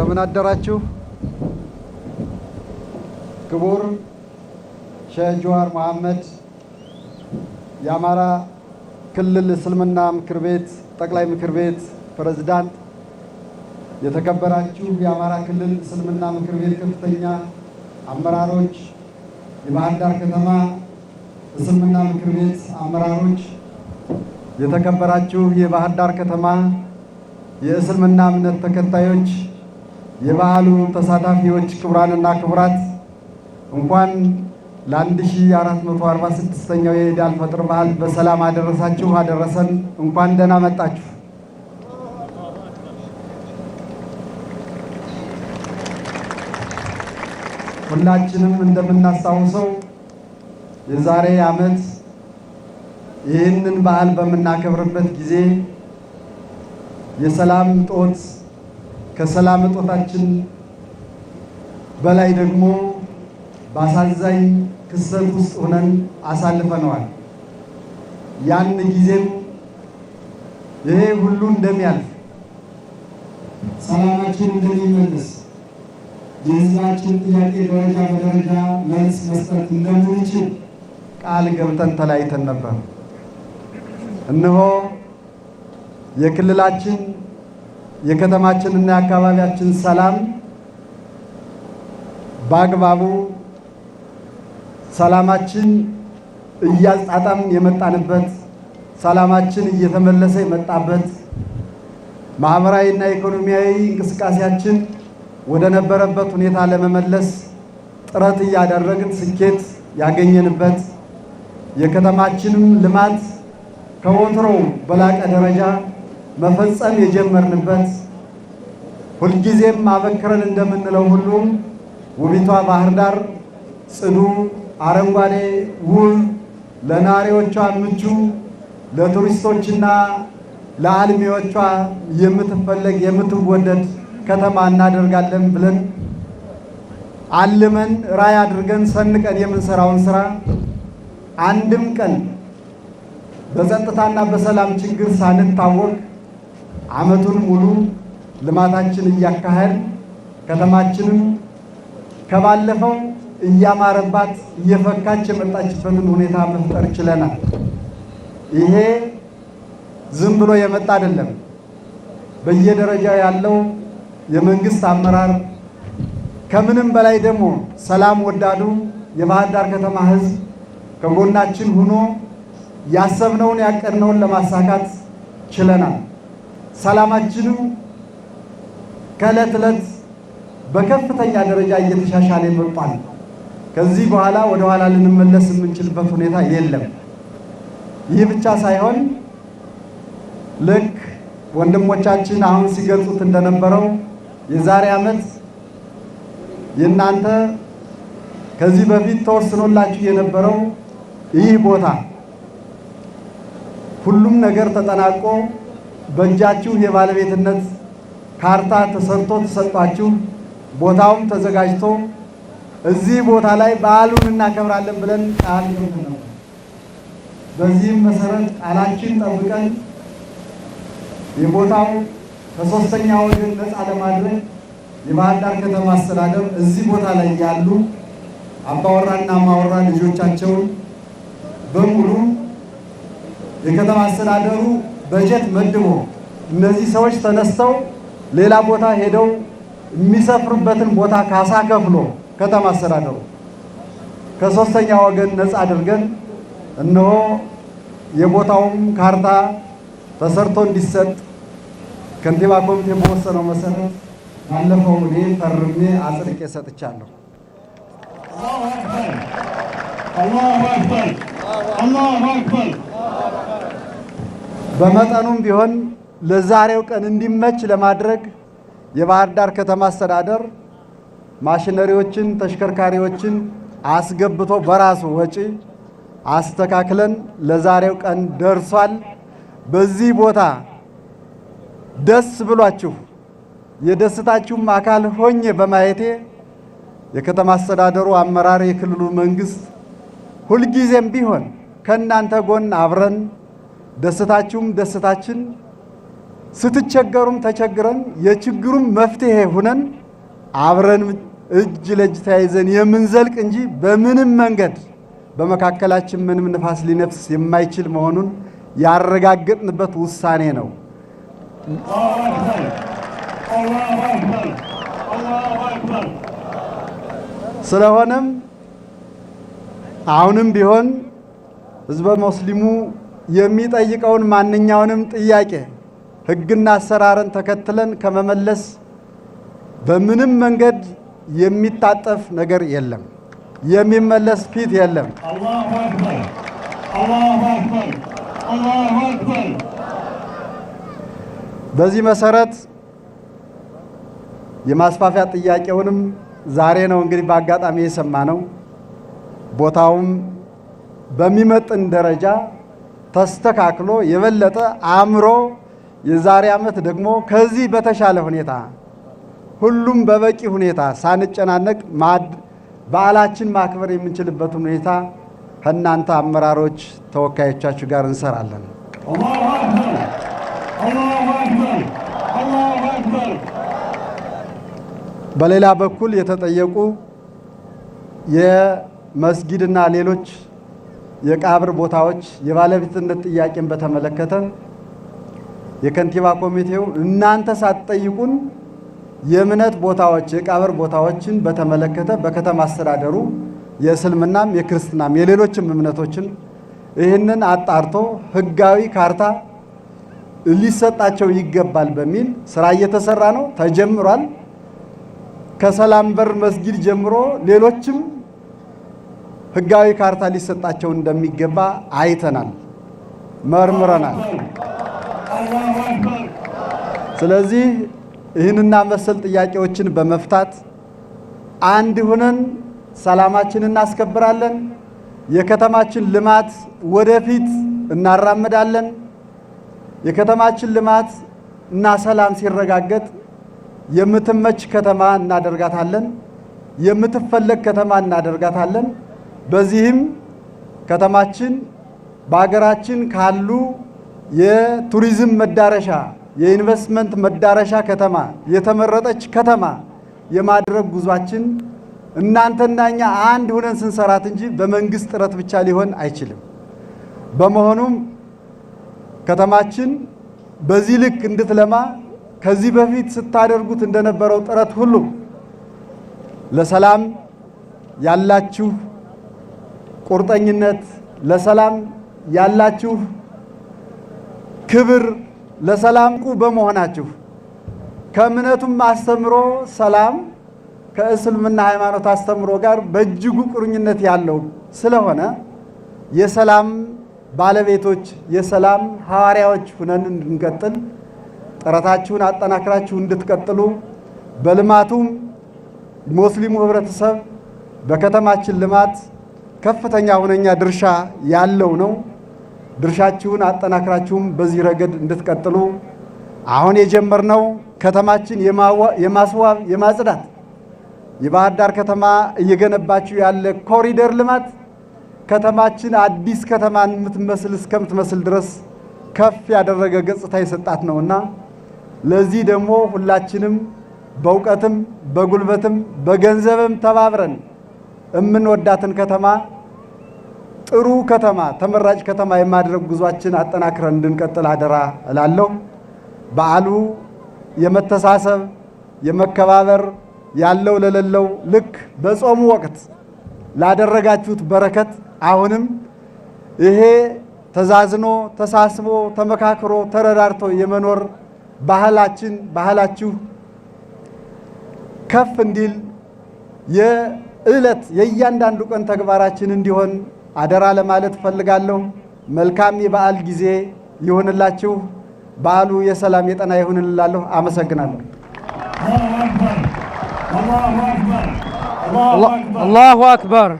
እንደምን አደራችሁ። ክቡር ሼህ ጀዋር መሐመድ የአማራ ክልል እስልምና ምክር ቤት ጠቅላይ ምክር ቤት ፕሬዝዳንት፣ የተከበራችሁ የአማራ ክልል እስልምና ምክር ቤት ከፍተኛ አመራሮች፣ የባህር ዳር ከተማ እስልምና ምክር ቤት አመራሮች፣ የተከበራችሁ የባህር ዳር ከተማ የእስልምና እምነት ተከታዮች የበዓሉ ተሳታፊዎች ክቡራንና ክቡራት እንኳን ለ1446ኛው የኢድ አልፈጥር በዓል በሰላም አደረሳችሁ አደረሰን። እንኳን ደህና መጣችሁ። ሁላችንም እንደምናስታውሰው የዛሬ ዓመት ይህንን በዓል በምናከብርበት ጊዜ የሰላም ጦት ከሰላም እጦታችን በላይ ደግሞ በአሳዛኝ ክስተት ውስጥ ሆነን አሳልፈነዋል። ያን ጊዜም ይሄ ሁሉ እንደሚያልፍ ሰላማችን እንደሚመለስ የሕዝባችን ጥያቄ ደረጃ በደረጃ መልስ መስጠት እንደምንችል ቃል ገብተን ተለያይተን ነበር። እነሆ የክልላችን የከተማችንና የአካባቢያችን ሰላም በአግባቡ ሰላማችን እያጣጣም የመጣንበት ሰላማችን እየተመለሰ የመጣበት ማህበራዊ እና ኢኮኖሚያዊ እንቅስቃሴያችን ወደ ነበረበት ሁኔታ ለመመለስ ጥረት እያደረግን ስኬት ያገኘንበት የከተማችንም ልማት ከወትሮው በላቀ ደረጃ መፈጸም የጀመርንበት ሁልጊዜም አበክረን እንደምንለው ሁሉ ውቢቷ ባህር ዳር ጽዱ፣ አረንጓዴ፣ ውብ ለናሪዎቿ ምቹ ለቱሪስቶችና ለአልሚዎቿ የምትፈለግ የምትወደድ ከተማ እናደርጋለን ብለን አልመን ራዕይ አድርገን ሰንቀን የምንሰራውን ስራ አንድም ቀን በጸጥታና በሰላም ችግር ሳንታወቅ ዓመቱን ሙሉ ልማታችን እያካሄድ ከተማችንም ከባለፈው እያማረባት እየፈካች የመጣችበትን ሁኔታ መፍጠር ችለናል። ይሄ ዝም ብሎ የመጣ አይደለም። በየደረጃው ያለው የመንግስት አመራር ከምንም በላይ ደግሞ ሰላም ወዳዱ የባህር ዳር ከተማ ህዝብ ከጎናችን ሆኖ ያሰብነውን ያቀድነውን ለማሳካት ችለናል። ሰላማችንም ከእለት ዕለት በከፍተኛ ደረጃ እየተሻሻለ መጥቷል። ከዚህ በኋላ ወደ ኋላ ልንመለስ የምንችልበት ሁኔታ የለም። ይህ ብቻ ሳይሆን ልክ ወንድሞቻችን አሁን ሲገልጹት እንደነበረው የዛሬ ዓመት የእናንተ ከዚህ በፊት ተወስኖላችሁ የነበረው ይህ ቦታ ሁሉም ነገር ተጠናቆ በእጃችሁ የባለቤትነት ካርታ ተሰርቶ ተሰጧችሁ ቦታውም ተዘጋጅቶ እዚህ ቦታ ላይ በዓሉን እናከብራለን ብለን ቃል ነው። በዚህም መሰረት ቃላችን ጠብቀን የቦታው ከሶስተኛ ወገን ነፃ ለማድረግ የባህር ዳር ከተማ አስተዳደር እዚህ ቦታ ላይ ያሉ አባወራና ማወራ ልጆቻቸውን በሙሉ የከተማ አስተዳደሩ በጀት መድቦ እነዚህ ሰዎች ተነስተው ሌላ ቦታ ሄደው የሚሰፍሩበትን ቦታ ካሳ ከፍሎ ከተማ አስተዳደሩ ከሶስተኛ ወገን ነፃ አድርገን እነሆ የቦታውም ካርታ ተሰርቶ እንዲሰጥ ከንቲባ ኮሚቴ በወሰነው መሰረት ባለፈው እኔ ፈርሜ አጽድቄ ሰጥቻለሁ። አላሁ አክበር አላሁ አክበር አላሁ አክበር በመጠኑም ቢሆን ለዛሬው ቀን እንዲመች ለማድረግ የባህር ዳር ከተማ አስተዳደር ማሽነሪዎችን፣ ተሽከርካሪዎችን አስገብቶ በራሱ ወጪ አስተካክለን ለዛሬው ቀን ደርሷል። በዚህ ቦታ ደስ ብሏችሁ የደስታችሁም አካል ሆኜ በማየቴ የከተማ አስተዳደሩ አመራር፣ የክልሉ መንግስት ሁልጊዜም ቢሆን ከእናንተ ጎን አብረን ደስታችሁም ደስታችን፣ ስትቸገሩም ተቸግረን የችግሩም መፍትሄ ሁነን አብረን እጅ ለእጅ ተያይዘን የምንዘልቅ እንጂ በምንም መንገድ በመካከላችን ምንም ንፋስ ሊነፍስ የማይችል መሆኑን ያረጋገጥንበት ውሳኔ ነው። ስለሆነም አሁንም ቢሆን ህዝበ ሙስሊሙ የሚጠይቀውን ማንኛውንም ጥያቄ ሕግና አሰራርን ተከትለን ከመመለስ በምንም መንገድ የሚታጠፍ ነገር የለም፣ የሚመለስ ፊት የለም። በዚህ መሰረት የማስፋፊያ ጥያቄውንም ዛሬ ነው እንግዲህ በአጋጣሚ የሰማ ነው። ቦታውም በሚመጥን ደረጃ ተስተካክሎ የበለጠ አእምሮ የዛሬ ዓመት ደግሞ ከዚህ በተሻለ ሁኔታ ሁሉም በበቂ ሁኔታ ሳንጨናነቅ ማድ በዓላችን ማክበር የምንችልበትን ሁኔታ ከእናንተ አመራሮች ተወካዮቻችሁ ጋር እንሰራለን። በሌላ በኩል የተጠየቁ የመስጊድና ሌሎች የቀብር ቦታዎች የባለቤትነት ጥያቄን በተመለከተ የከንቲባ ኮሚቴው እናንተ ሳትጠይቁን የእምነት ቦታዎች የቀብር ቦታዎችን በተመለከተ በከተማ አስተዳደሩ የእስልምናም የክርስትናም የሌሎችም እምነቶችን ይህንን አጣርቶ ህጋዊ ካርታ ሊሰጣቸው ይገባል በሚል ስራ እየተሰራ ነው፣ ተጀምሯል። ከሰላም በር መስጊድ ጀምሮ ሌሎችም ህጋዊ ካርታ ሊሰጣቸው እንደሚገባ አይተናል፣ መርምረናል። ስለዚህ ይህንና መሰል ጥያቄዎችን በመፍታት አንድ ሆነን ሰላማችንን እናስከብራለን። የከተማችን ልማት ወደፊት እናራምዳለን። የከተማችን ልማት እና ሰላም ሲረጋገጥ የምትመች ከተማ እናደርጋታለን። የምትፈለግ ከተማ እናደርጋታለን። በዚህም ከተማችን በሀገራችን ካሉ የቱሪዝም መዳረሻ የኢንቨስትመንት መዳረሻ ከተማ የተመረጠች ከተማ የማድረግ ጉዟችን እናንተና እኛ አንድ ሁነን ስንሰራት እንጂ በመንግስት ጥረት ብቻ ሊሆን አይችልም። በመሆኑም ከተማችን በዚህ ልክ እንድትለማ ከዚህ በፊት ስታደርጉት እንደነበረው ጥረት ሁሉ ለሰላም ያላችሁ ቁርጠኝነት፣ ለሰላም ያላችሁ ክብር፣ ለሰላም ቁ በመሆናችሁ ከእምነቱም አስተምሮ ሰላም ከእስልምና ሃይማኖት አስተምሮ ጋር በእጅጉ ቁርኝነት ያለው ስለሆነ የሰላም ባለቤቶች የሰላም ሐዋርያዎች ሁነን እንድንቀጥል ጥረታችሁን አጠናክራችሁ እንድትቀጥሉ በልማቱም ሙስሊሙ ህብረተሰብ በከተማችን ልማት ከፍተኛ ሁነኛ ድርሻ ያለው ነው። ድርሻችሁን አጠናክራችሁም በዚህ ረገድ እንድትቀጥሉ አሁን የጀመርነው ከተማችን የማስዋብ የማጽዳት የባህር ዳር ከተማ እየገነባችሁ ያለ ኮሪደር ልማት ከተማችን አዲስ ከተማን የምትመስል እስከምትመስል ድረስ ከፍ ያደረገ ገጽታ የሰጣት እና ለዚህ ደግሞ ሁላችንም በእውቀትም በጉልበትም በገንዘብም ተባብረን እምንወዳትን ከተማ ጥሩ ከተማ፣ ተመራጭ ከተማ የማድረግ ጉዟችን አጠናክረን እንድንቀጥል አደራ እላለሁ። በዓሉ የመተሳሰብ የመከባበር ያለው ለሌለው ልክ በጾሙ ወቅት ላደረጋችሁት በረከት አሁንም ይሄ ተዛዝኖ ተሳስቦ ተመካክሮ ተረዳርቶ የመኖር ባህላችን ባህላችሁ ከፍ እንዲል ዕለት የእያንዳንዱ ቀን ተግባራችን እንዲሆን አደራ ለማለት እፈልጋለሁ። መልካም የበዓል ጊዜ ይሁንላችሁ። በዓሉ የሰላም የጤና ይሁን አመሰግናለሁ። አላሁ አክበር